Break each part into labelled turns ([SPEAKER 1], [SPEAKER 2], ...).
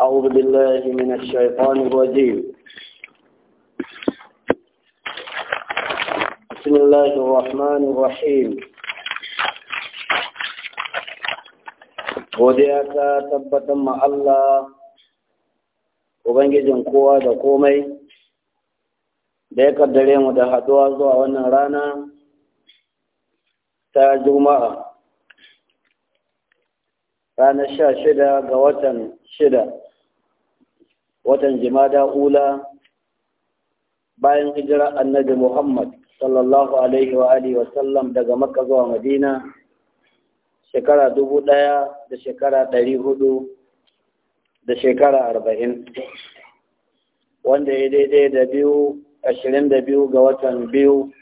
[SPEAKER 1] أعوذ بالله من الشيطان الرجيم بسم الله الرحمن الرحيم وديعك تبت مع الله وبنجي جنقوة دقومي ديك الدليم دهد وازو ونرانا تاجو ماء رانا شا شدا قوة شدا watan jimada ula bayan hijira annabi Muhammad sallallahu alaihi wa alihi wa sallam daga Makka zuwa Madina shekara dubu ɗaya da shekara ɗari hudu da shekara arba'in wanda ya daidai da biyu ashirin da biyu ga watan biyu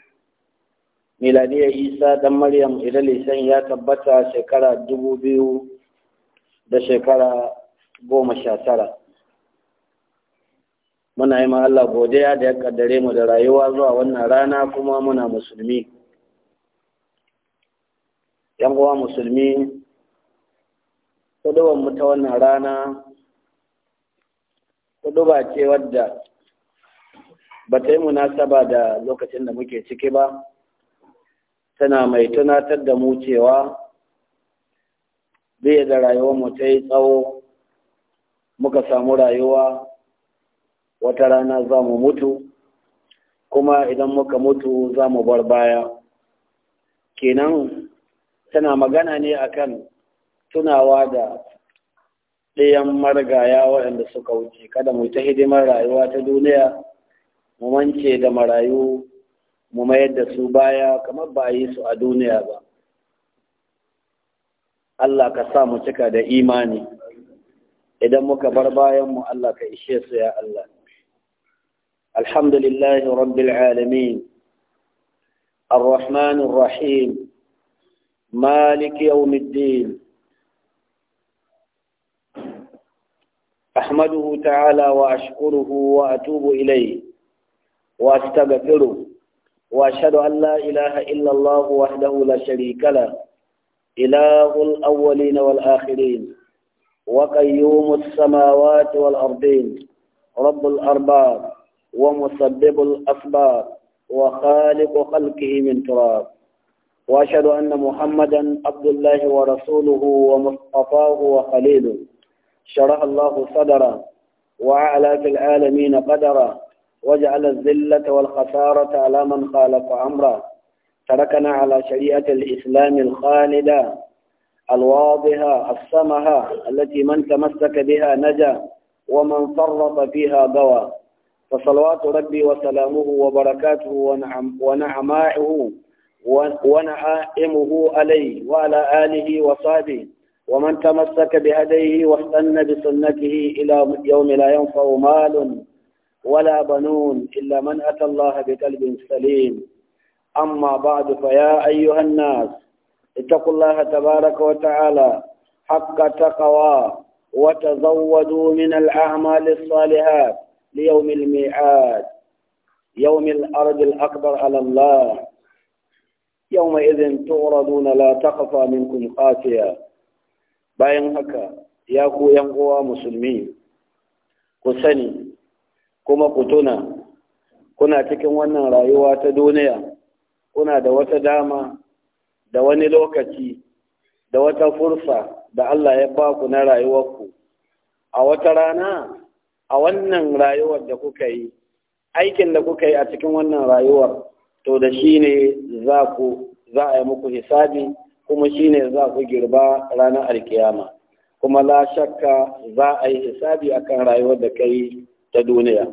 [SPEAKER 1] miladiya isa dan maryam idan lisan ya tabbata shekara dubu biyu da shekara goma sha tara muna yi ma Allah godiya da ya kaddare mu da rayuwa zuwa wannan rana kuma muna musulmi yan uwa musulmi kudubar mu ta wannan rana kuduba ce wadda ba ta yi munasaba da lokacin da muke ciki ba tana mai tunatar da mu cewa biya da rayuwar mu ta yi tsawo muka samu rayuwa wata rana za mu mutu kuma idan muka mutu za mu bar baya kenan tana magana ne akan tunawa da ɗayan marigaya waɗanda suka wuce kada mu ta hidimar rayuwa ta duniya mu mance da marayu mu mayar da su baya kamar ba yi su a duniya ba Allah ka sa mu cika da imani idan muka bar bayanmu Allah ka ishe su ya Allah الحمد لله رب العالمين الرحمن الرحيم مالك يوم الدين أحمده تعالى وأشكره وأتوب إليه وأستغفره وأشهد أن لا إله إلا الله وحده لا شريك له إله الأولين والآخرين وقيوم السماوات والأرضين رب الأرباب ومسبب الأسباب وخالق خلقه من تراب وأشهد أن محمدا عبد الله ورسوله ومصطفاه وخليله شرح الله صدره وأعلى في العالمين قدره وجعل الذلة والخسارة على من خالف أمره تركنا على شريعة الإسلام الخالدة الواضحة السمحة التي من تمسك بها نجا ومن فرط فيها بوى فصلوات ربي وسلامه وبركاته ونعم ونعمائه ونعائمه عليه وعلى آله وصحبه ومن تمسك بهديه واستنى بسنته إلى يوم لا ينفع مال ولا بنون إلا من أتى الله بقلب سليم أما بعد فيا أيها الناس اتقوا الله تبارك وتعالى حق تقوى وتزودوا من الأعمال الصالحات ليوم الميعاد يوم الأرض الأكبر على الله يومئذ تعرضون لا تخفى منكم خافية bayan haka ya ku yan uwa musulmi ku sani kuma ku tuna kuna cikin wannan rayuwa ta duniya kuna da wata dama da wani lokaci da wata fursa da Allah ya baku ku na rayuwarku a wata rana a wannan rayuwar da kuka yi aikin da kuka yi a cikin wannan rayuwar to da shi ne za ku za a yi muku hisabi kuma shi ne za ku girba ranar alkiyama kuma la shakka za a yi hisabi akan rayuwar da ka yi ta duniya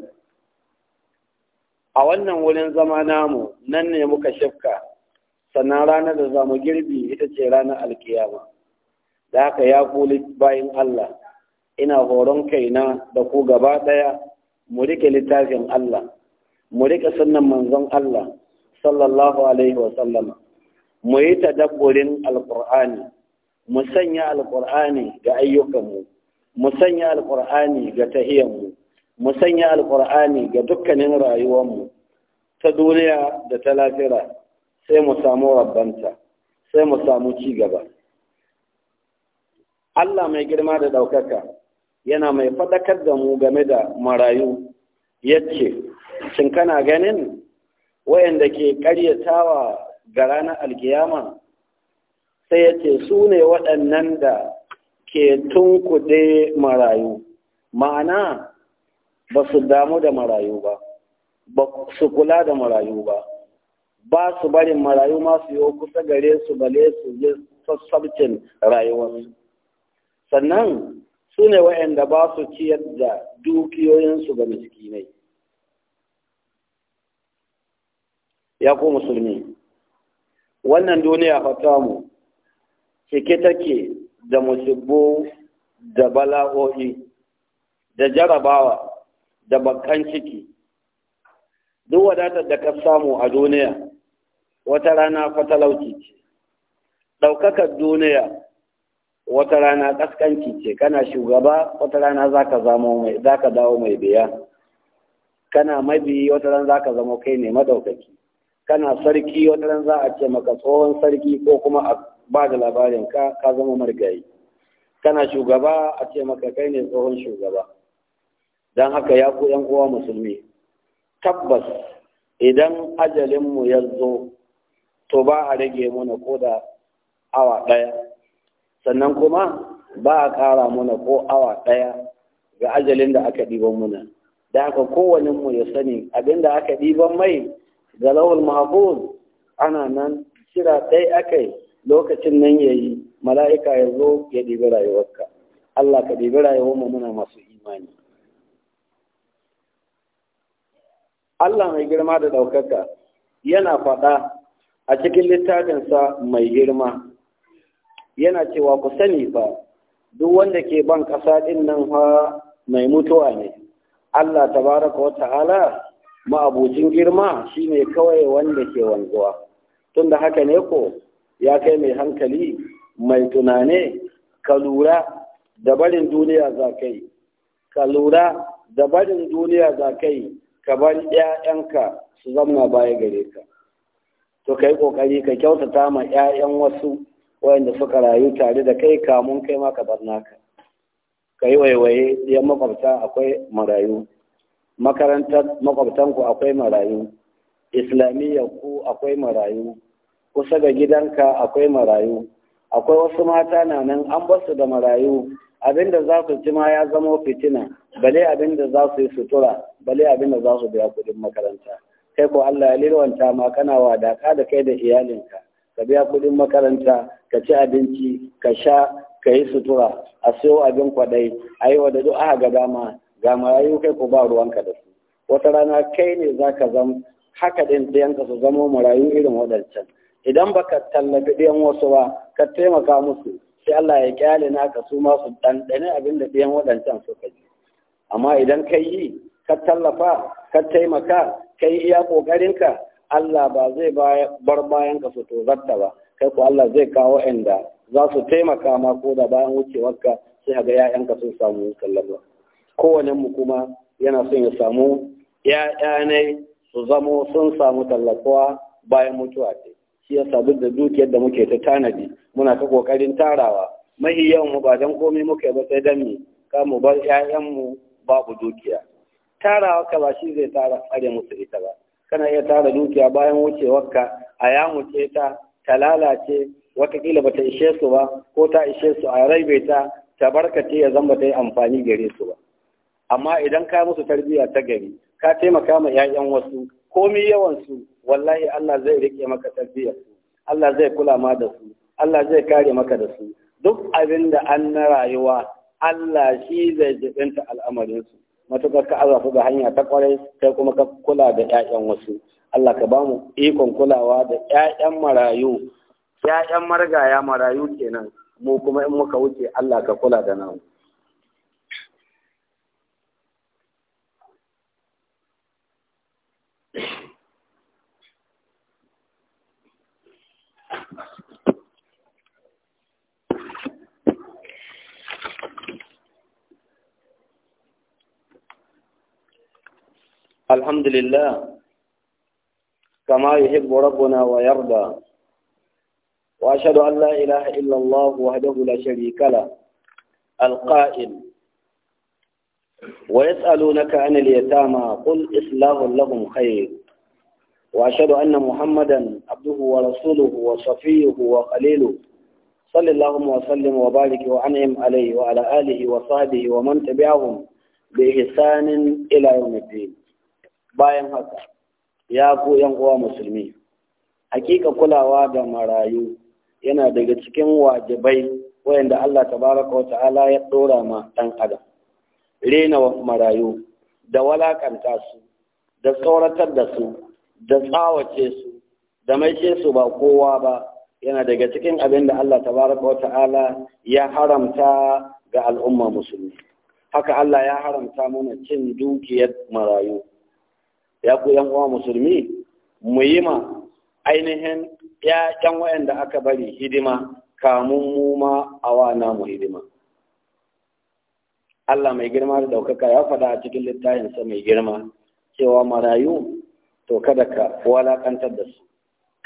[SPEAKER 1] a wannan wurin zama namu nan ne muka shifka sannan ranar da za mu girbi ita ce ranar alkiyama da haka ya kuli bayan Allah ina horon kaina da ku gaba ɗaya mu rike littafin Allah mu rike sunnan manzon Allah sallallahu alaihi wa sallama mu yi tadabburin alqur'ani mu sanya alqur'ani ga ayyukanmu mu sanya Alƙur'ani ga tahiyanmu mu sanya alqur'ani ga dukkanin rayuwarmu ta duniya da ta lafira sai mu samu rabbanta sai mu samu ci gaba Allah mai girma da ɗaukaka yana mai faɗakar da mu game da marayu yace shin kana ganin wayanda ke ƙaryatawa ga ranar alkiyama sai ya ce su ne waɗannan da ke tunkuɗe marayu ma'ana ba su damu da marayu ba ba su kula da marayu ba ba su barin marayu masu yi kusa gare su bale su yi sassabcin rayuwarsu sannan su ne wa'yanda ba su ciyar da dukiyoyinsu ga miskinai ya ku musulmi wannan duniya fata mu cike take da musibbo da bala'o'i da jarabawa da bakan ciki duk wadatar da ka samu a duniya wata rana fatalauci ce ɗaukakar duniya wata rana kaskanci ce kana shugaba wata rana zaka zama dawo mai biya kana mabi wata rana za ka zama kai ne madaukaki kana sarki wata rana za a ce maka tsohon sarki ko kuma a ba da labarin ka ka zama margayi kana shugaba a ce maka kai ne tsohon shugaba don haka ya ku yan uwa musulmi tabbas idan ajalinmu ya zo to ba a rage mana ko da awa ɗaya sannan kuma ba a ƙara mana ko awa ɗaya ga ajalin da aka ɗiban muna da haka kowaninmu ya sani abin da aka ɗiban mai ga lawal mahfuz ana nan kira ɗaya aka yi lokacin nan ya yi mala'ika ya zo ya ɗibi rayuwarka Allah ka ɗibi rayuwarmu muna masu imani Allah mai girma da ɗaukaka yana faɗa a cikin littafinsa mai girma yana cewa ku sani ba duk wanda ke ban ƙasa ɗin nan fa mai mutuwa ne Allah tabaraka wa ta'ala ma'abucin girma shine kawai wanda ke wanzuwa tunda haka ne ko ya kai mai hankali mai tunane ka lura da barin duniya za kai ka lura da barin duniya za kai ka bar 'ya'yanka su zama baya gare ka to kai kokari ka kyautata ma 'ya'yan wasu wayanda suka rayu tare da kai kamun kai ma ka bar ka yi waiwaye yan makwabta akwai marayu makarantar makwabtanku akwai marayu Islamiyya ku akwai marayu kusa ga gidanka akwai marayu akwai wasu mata na nan an basu da marayu abinda za su ci ma ya zama fitina bale abinda za su yi sutura bale abinda za su biya kuɗin makaranta kai ko Allah ya lilwanta ma kana wadaka da kai da iyalinka ka biya kuɗin makaranta ka ci abinci ka sha ka yi sutura a siyo abin kwaɗai a yi wa da du'a ga dama ga marayu kai ko ba ruwanka da su wata rana kai ne za ka zama haka ɗin ka su zama marayu irin waɗancan idan ba ka tallafi ɗiyan wasu ba ka taimaka musu sai Allah ya kyale naka su ma su ɗanɗane abin da ɗiyan waɗancan suka ji amma idan ka yi ka tallafa ka taimaka ka yi iya ƙoƙarinka Allah ba zai bar bayan ka fito zarta ba kai ku Allah zai kawo inda za su taimaka ma ko da bayan wucewarka sai ga 'ya'yanka sun samu kallon ba. kowane mu kuma yana son ya samu 'ya'yanai ne su zamo sun samu tallafawa bayan mutuwa ce shi ya sabu da dukiyar da muke ta tanadi muna ta kokarin tarawa mahi yawan mu ba dan komai yi ba sai dan mi ka mu bar 'ya'yan mu babu dukiya tarawa ka ba shi zai tara tsare musu ita ba kana iya tara dukiya bayan wucewarka a ya yamuce ta ta lalace watakila bata ishe su ba ko ta ishe su a raibe ta ta barkace ya zama ta yi amfani gare su ba amma idan ka musu tarbiyya ta gari ka taimaka ma 'ya'yan wasu komi yawan su wallahi Allah zai rike maka tarbiyyar su Allah zai kula ma da su Allah zai kare maka da su duk abin da an na rayuwa Allah shi zai jibinta al'amarin su matuƙar ka azafu ga hanya ta kwarai kai kuma ka kula da 'ya'yan wasu Allah ka bamu ikon kulawa da 'ya'yan marayu 'ya'yan margaya marayu kenan mu kuma in muka wuce Allah ka kula da namu الحمد لله كما يحب ربنا ويرضى وأشهد أن لا إله إلا الله وحده لا شريك له القائل ويسألونك عن اليتامى قل إصلاح لهم خير وأشهد أن محمدا عبده ورسوله وصفيه وخليله صلى اللهم وسلم وبارك وأنعم عليه وعلى آله وصحبه ومن تبعهم بإحسان إلى يوم الدين bayan haka ya ku yan uwa musulmi hakika kulawa da marayu yana daga cikin wajibai wayanda Allah tabaraka wa ta'ala ya dora ma dan adam rena marayu da walakanta su da tsoratar da su da tsawace su da maishe su ba kowa ba yana daga cikin abin da Allah tabaraka wa ta'ala ya haramta ga al'umma musulmi haka Allah ya haramta mana cin dukiyar marayu ya ku yan uwa musulmi mu yi ma ainihin ƴaƴan waɗanda aka bari hidima kamun mu ma awa namu hidima Allah mai girma da ɗaukaka ya faɗa a cikin littafinsa mai girma cewa marayu to kada ka walakantar da su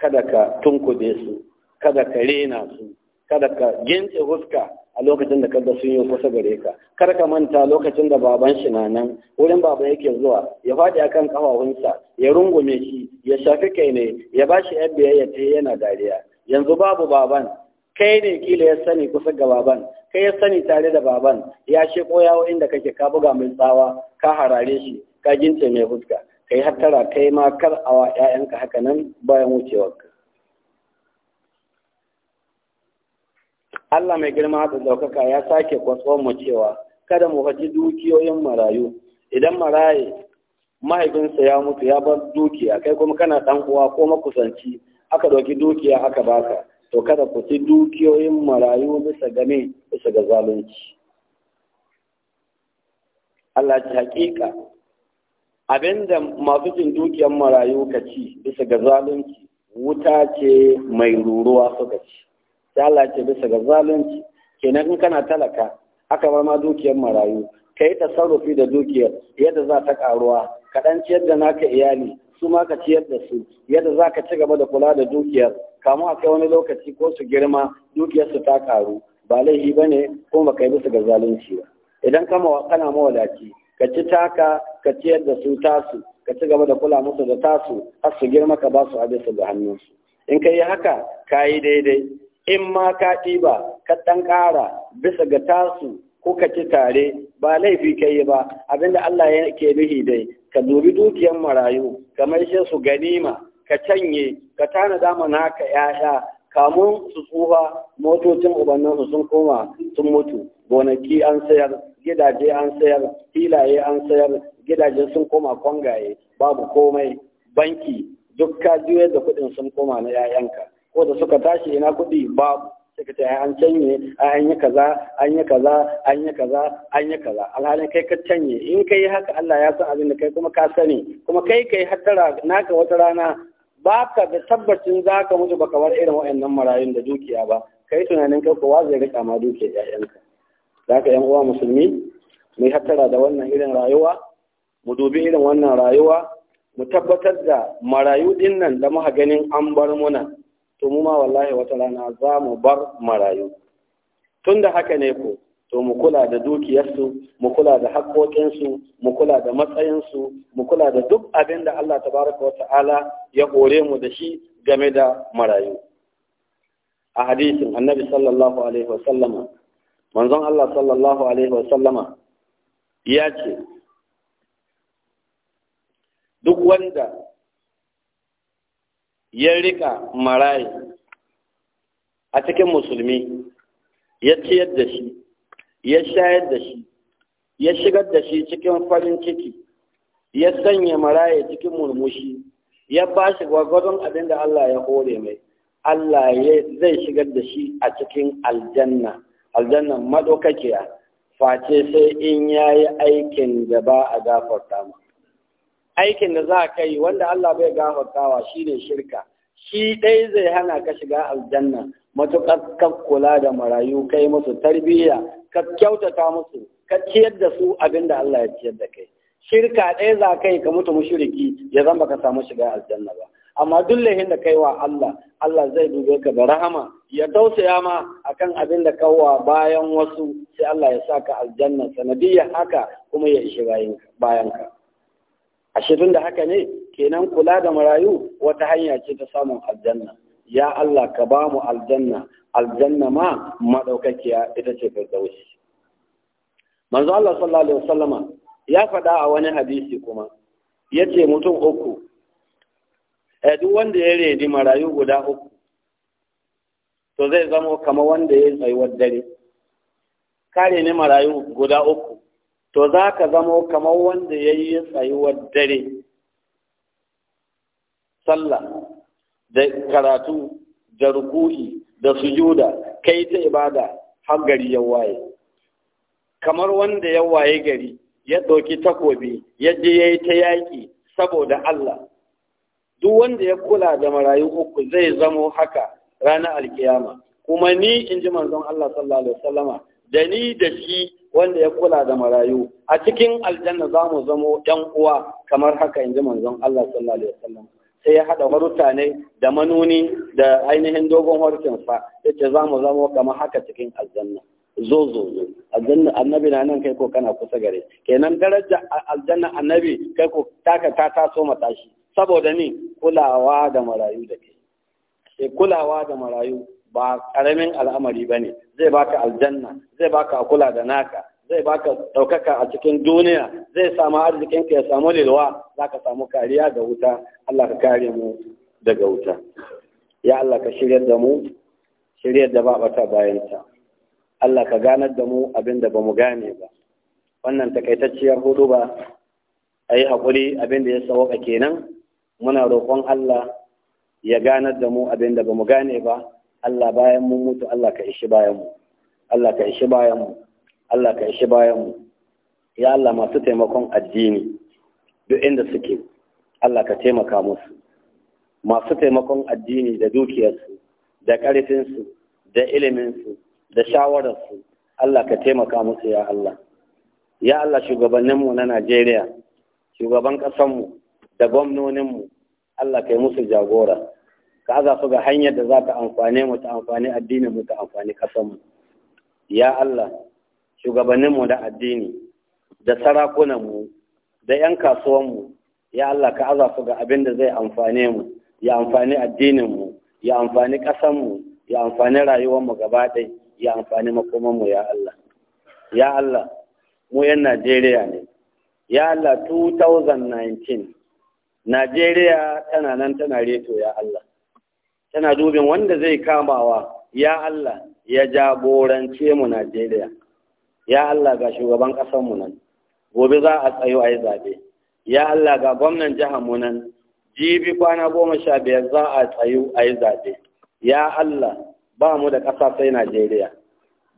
[SPEAKER 1] kada ka tunkude su kada ka rena su kada ka gintse huska a lokacin da kaga sun yi kusa gare ka kar ka manta lokacin da baban shi na nan wurin baba yake zuwa ya faɗi akan kafafunsa ya rungume shi ya shafi kai ne ya shi yan biyayya ta yana dariya yanzu babu baban kai ne kila ya sani kusa ga baban kai ya sani tare da baban ya sheko koyawa inda kake ka buga mai tsawa ka harare shi ka gince mai fuska kai hattara kai ma kar awa 'ya'yanka haka nan bayan wucewarka Allah mai girma da ɗaukaka ya sake kwatsuwan mu cewa kada mu faci dukiyoyin marayu idan maraye mahaifinsa ya mutu ya bar dukiya kai kuma kana ɗan uwa ko makusanci aka ɗauki dukiya aka baka to kada ku ci dukiyoyin marayu bisa game bisa ga zalunci Allah ce hakika abinda masu cin dukiyar marayu ka ci bisa ga zalunci wuta ce mai ruruwa suka ci sai Allah ce bisa ga zalunci kenan in kana talaka aka bar ma dukiyar marayu ka yi tasarrufi da dukiyar yadda za ta karuwa ka dan ciyar da naka iyali su ma ka ciyar da su yadda za ka ci gaba da kula da dukiyar kamu a kai wani lokaci ko su girma dukiyar su ta karu ba laifi ba ne kuma ba kai bisa ga zalunci ba idan kama kana mawadaci ka ci taka ka ciyar da su tasu ka ci gaba da kula musu da tasu har su girma ka ba su abin su da hannunsu in ka yi haka ka yi daidai in ma ka ɗiba ka ɗan ƙara bisa ga tasu ko ka ci tare ba laifi ka yi ba abinda Allah ya ke nuhi dai ka dubi dukiyar marayu ka maishe su ganima ka canye ka tana dama naka 'ya'ya kamun su tsufa motocin ubannansu sun koma sun mutu gonaki an sayar gidaje an sayar filaye an sayar gidaje sun koma kwangaye babu komai banki duk ka juyar da kuɗin sun koma na 'ya'yanka ko da suka tashi ina kuɗi Ba. sai ka ce an canye an yi kaza an yi kaza an yi kaza an yi kaza alhalin kai ka canye in kai haka Allah ya san abin da kai kuma ka sani kuma kai kai hattara naka wata rana baka da tabbacin za ka mutu ba kamar irin wa'annan marayun da dukiya ba kai tunanin kai kowa zai rika ma dukiya ƴaƴanka za ka yan uwa musulmi mu yi hattara da wannan irin rayuwa mu dubi irin wannan rayuwa mu tabbatar da marayu din nan da muka ganin an bar muna to mu ma wallahi wata rana za mu bar marayu tun da haka ne ko to mu kula da dukiyarsu mu kula da haƙoƙinsu mu kula da matsayinsu mu kula da duk abin da Allah tabaraka wa ta'ala ya hore mu da shi game da marayu a hadisin annabi sallallahu alaihi wasallama manzon Allah sallallahu alaihi wasallama ya ce duk wanda ya rika marayi a cikin musulmi ya ciyar da shi ya shayar da shi ya shigar da shi cikin farin ciki ya sanya marayi cikin murmushi ya ba shi gwagwaron abin da Allah ya hore mai Allah zai shigar da shi a cikin aljanna aljanna madaukakiya face sai in yayi aikin da ba a gafarta mu aikin da za ka yi wanda Allah bai gafartawa shine shirka shi ɗai zai hana ka shiga aljanna matuƙar ka da marayu kai musu tarbiyya ka kyautata musu ka ciyar da su abin da Allah ya ciyar da kai shirka ɗaya za kai ka mutu mushriki ya zama ka samu shiga aljanna ba amma duk lahin da kai Allah Allah zai dube ka da rahama ya tausaya ma akan abin da kawwa bayan wasu sai Allah ya saka aljanna sanadiyar haka kuma ya ishi bayan ka ashe tun da haka ne kenan kula da marayu wata hanya ce ta samun aljanna ya Allah ka ba mu aljanna aljanna ma madaukakiya ita ce firdausi manzo Allah sallallahu alaihi wasallama ya faɗa a wani hadisi kuma yace mutum uku eh duk wanda ya redi marayu guda uku to zai zama kamar wanda ya tsayuwar dare kare ne marayu guda uku to za ka zamo kamar wanda ya yi tsayuwar dare sallah da karatu da ruku'i da sujuda kai ta ibada har gari ya waye kamar wanda ya waye gari ya ɗauki takobi ya je ya yi ta yaƙi saboda Allah duk wanda ya kula da marayu uku zai zamo haka ranar alkiyama kuma ni in ji manzon Allah sallallahu alaihi wasallama da ni da shi wanda ya kula da marayu a cikin aljanna za mu zamo ɗan uwa kamar haka in ji manzon Allah sallallahu alaihi wasallam sai ya haɗa haruta ne da manuni da ainihin dogon harkinsa ya ce za mu zamo kamar haka cikin aljanna zo zo zo aljanna annabi na nan kai ko kana kusa gare kenan daraja aljanna annabi kai ko taka ta taso matashi saboda ni kulawa da marayu da ke eh, kulawa da marayu ba ƙaramin al'amari ba ne zai baka aljanna zai baka a kula da naka zai baka ɗaukaka a cikin duniya zai samu arzikinka ya samu lilwa za ka samu kariya ga wuta Allah ka kare mu daga wuta ya Allah ka shiryar da mu shiryar da babata bayanta Allah ka ganar da mu abin da ba mu gane ba wannan takaitacciyar hudu ba a yi haƙuri abin da ya sawaka kenan muna roƙon Allah ya ganar da mu abin da ba mu gane ba Allah bayan mun mutu Allah ka ishi bayan mu Allah ka ishi bayan mu Allah ka ishi bayan mu ya Allah masu taimakon addini duk inda suke Allah ka taimaka musu masu taimakon addini da dukiyarsu da ƙarfinsu da iliminsu da shawararsu Allah ka taimaka musu ya Allah ya Allah shugabanninmu na Najeriya shugaban ƙasanmu da gwamnoninmu Allah ka yi musu jagora ka aza su ga hanyar da za ta amfane mu ta amfani addinin mu ta amfani mu. ya Allah shugabanninmu da addini da sarakunanmu da 'yan kasuwanmu ya Allah ka aza su ga abin da zai amfane mu ya amfani addininmu ya amfani mu ya amfani mu gaba ɗai ya amfani makomanmu ya Allah ya Allah mu 'yan Najeriya ne ya Allah 2019 Najeriya tana nan tana reto ya Allah tana dubin wanda zai kamawa ya Allah ya jagorance mu Najeriya ya Allah ga shugaban ƙasar mu nan gobe za a tsayo a yi zaɓe ya Allah ga gwamnan jihar mu nan jibi kwana goma sha biyar za a tsayo a yi zaɓe ya Allah ba mu da ƙasa sai Najeriya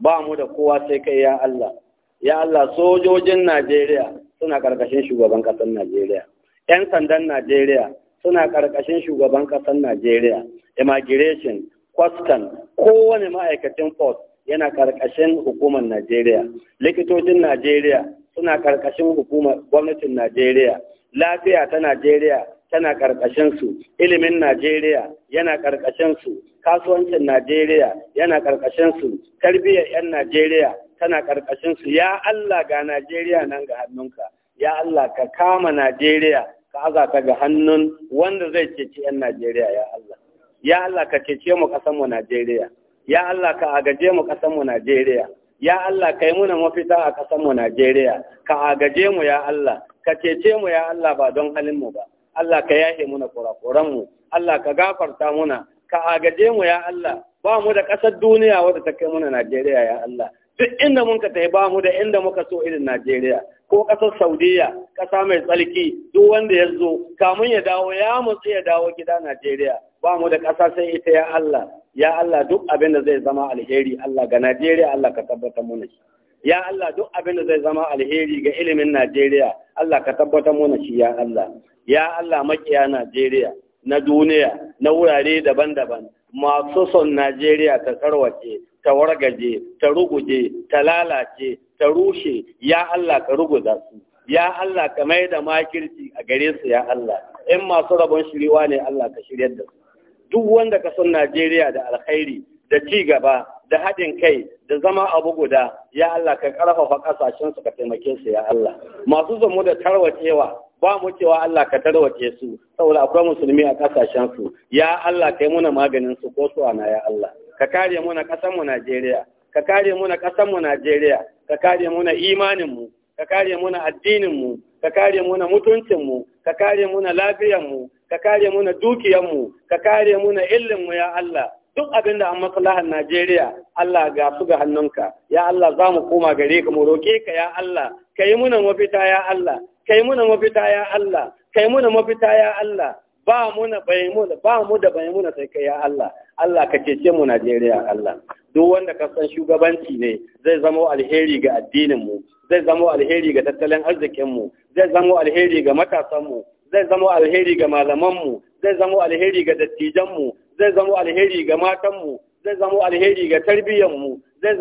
[SPEAKER 1] ba mu da kowa sai kai ya Allah ya Allah sojojin Najeriya suna ƙarƙashin shugaban ƙasar Najeriya 'yan sandan Najeriya suna ƙarƙashin shugaban ƙasar Najeriya immigration kwastan kowane ma'aikacin post yana karkashin hukumar najeriya likitocin najeriya suna karkashin hukumar gwamnatin najeriya lafiya ta najeriya tana karkashin su ilimin najeriya yana karkashin su kasuwancin najeriya yana karkashin su tarbiyyar 'yan najeriya tana karkashin su ya allah ga najeriya nan ga hannunka ya allah ka kama najeriya ka aza ga hannun wanda zai ceci 'yan najeriya ya allah ya Allah ka cece mu ƙasar mu Najeriya ya Allah ka agaje mu ƙasar mu Najeriya ya Allah ka yi muna mafita a ƙasar mu Najeriya ka agaje mu ya Allah ka cece mu ya Allah ba don halin mu ba Allah ka yahe muna kurakuran mu Allah ka gafarta muna ka agaje mu ya Allah ba mu da ƙasar duniya wadda ta kai muna Najeriya ya Allah duk inda mun ka tafi ba mu da inda muka so irin Najeriya ko ƙasar Saudiya ƙasa mai tsarki duk wanda ya zo kamun ya dawo ya mutsu ya dawo gida Najeriya ba mu da ƙasa sai ita ya Allah ya Allah duk abin da zai zama alheri Allah ga Najeriya Allah ka tabbatar mana shi ya Allah duk abin da zai zama alheri ga ilimin Najeriya Allah ka tabbatar mana shi ya Allah ya Allah makiya Najeriya na duniya na wurare daban-daban masu son Najeriya ta tarwace ta wargaje ta ruguje ta lalace ta rushe ya Allah ka ruguza su ya Allah ka mai da makirci a gare su ya Allah in masu rabon shiriwa ne Allah ka shiryar da su duk wanda ka san Najeriya da alkhairi da ci gaba da haɗin kai da zama abu guda ya Allah ka ƙarfafa ƙasashen su ka taimake su ya Allah masu zamu da tarwacewa ba mu cewa Allah ka tarwace su saboda akwai musulmi a ƙasashen su ya Allah kai muna maganin su ko su ana ya Allah ka kare muna ƙasar mu Najeriya ka kare muna ƙasar mu Najeriya ka kare muna imanin mu ka kare muna addinin mu ka kare muna mutuncin mu ka kare muna lafiyar mu ka kare muna dukiyanmu ka kare muna illinmu ya Allah duk abin da an maslahar Najeriya Allah ga su ga hannunka ya Allah za mu koma gare ka mu roke ka ya Allah ka yi muna mafita ya Allah ka yi muna mafita ya Allah ka yi muna mafita ya Allah ba muna bai muna ba mu da bai muna sai kai ya Allah Allah ka cece mu Najeriya Allah duk wanda ka san shugabanci ne zai zama alheri ga addininmu, zai zama alheri ga tattalin arzikinmu, zai zama alheri ga matasanmu. zai zama alheri ga malamanmu zai zamo alheri ga dattijanmu zai zamo alheri ga matanmu zai zamo alheri ga tarbiyyanmu zai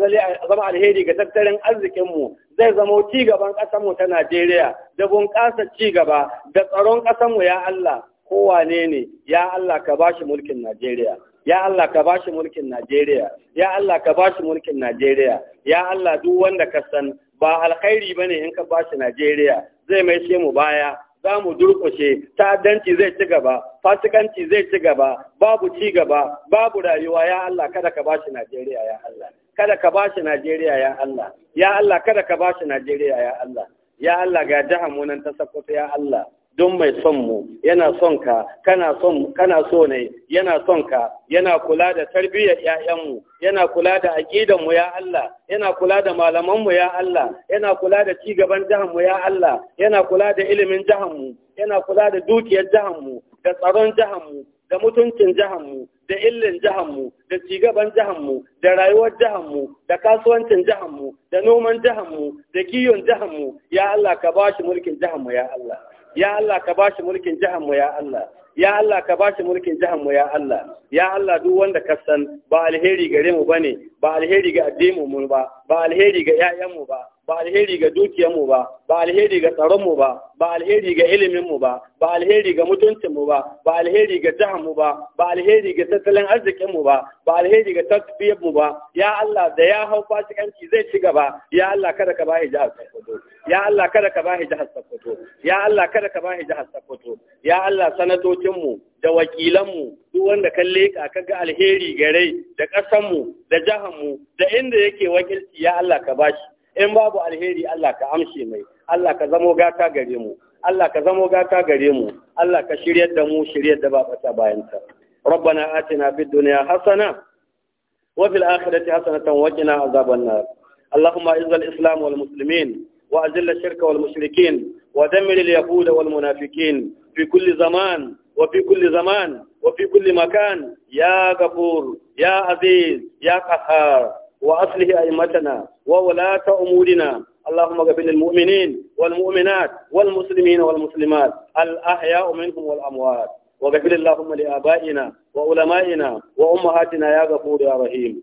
[SPEAKER 1] zama alheri ga tattalin arzikinmu zai zama ci gaban ƙasarmu ta Najeriya da bunƙasa ci gaba da tsaron ƙasarmu ya Allah kowane ne ya Allah ka bashi mulkin Najeriya ya Allah ka bashi mulkin Najeriya ya Allah ka bashi mulkin Najeriya ya Allah duk wanda ka san ba alkhairi ne in ka bashi Najeriya zai mai mu baya za mu durƙushe ta'addanci zai ci gaba fasikanci zai ci gaba babu ci gaba babu rayuwa ya Allah kada ka bashi Najeriya ya Allah kada ka bashi Najeriya ya Allah ya Allah kada ka bashi Najeriya ya Allah ya Allah ga jihar nan ta Sokoto ya Allah don mai son mu yana son ka kana son kana so ne yana son ka yana kula da tarbiyyar ƴaƴanmu yana kula da aqidan mu ya Allah yana kula da malaman mu ya Allah yana kula da cigaban jahan mu ya Allah yana kula da ilimin jahan mu yana kula da dukiyar jahan mu da tsaron jahan mu da mutuncin jahan mu da illin mu da ci cigaban mu da rayuwar mu da kasuwancin mu da noman mu da kiyon mu ya Allah ka bashi shi mulkin mu ya Allah ya Allah ka ba shi mulkin mu ya Allah ya Allah ka ba shi mulkin mu ya Allah ya Allah duk wanda ka san ba alheri gare mu bane ba alheri ga addinin mu ba ba alheri ga ƴaƴan mu ba ba alheri ga dukiyarmu ba ba alheri ga tsaronmu ba ba alheri ga iliminmu ba ba alheri ga mutuncinmu ba ba alheri ga jihanmu ba ba alheri ga tattalin arzikinmu ba ba alheri ga tasbiyarmu ba ya Allah da ya hau fasikanci zai ci gaba ya Allah kada ka bahi jihar Sokoto ya Allah kada ka bahi jihar Sokoto ya Allah kada ka bahi jihar Sokoto ya Allah sanatocinmu da wakilanmu duk wanda kan leka ka ga alheri gare da kasanmu, da jihanmu da inda yake wakilci ya Allah ka bashi in babu alheri Allah ka amshi mai Allah ka zamo gata gare mu Allah ka zamo gata gare mu Allah ka shirye da mu shirye da babata, ta bayan ta rabbana atina fid dunya hasana wa fil akhirati hasana wa qina azaban nar allahumma izzil islam wal muslimin wa azil ash-shirk wal mushrikin wa damir al yahud wal munafiqin fi kull zaman wa fi kull zaman wa fi kull makan ya ghafur ya aziz ya qahhar وأصله أئمتنا وولاة أمورنا اللهم اغفر للمؤمنين والمؤمنات والمسلمين والمسلمات الأحياء منهم والأموات واغفر اللهم لآبائنا وعلمائنا وأمهاتنا يا غفور يا رحيم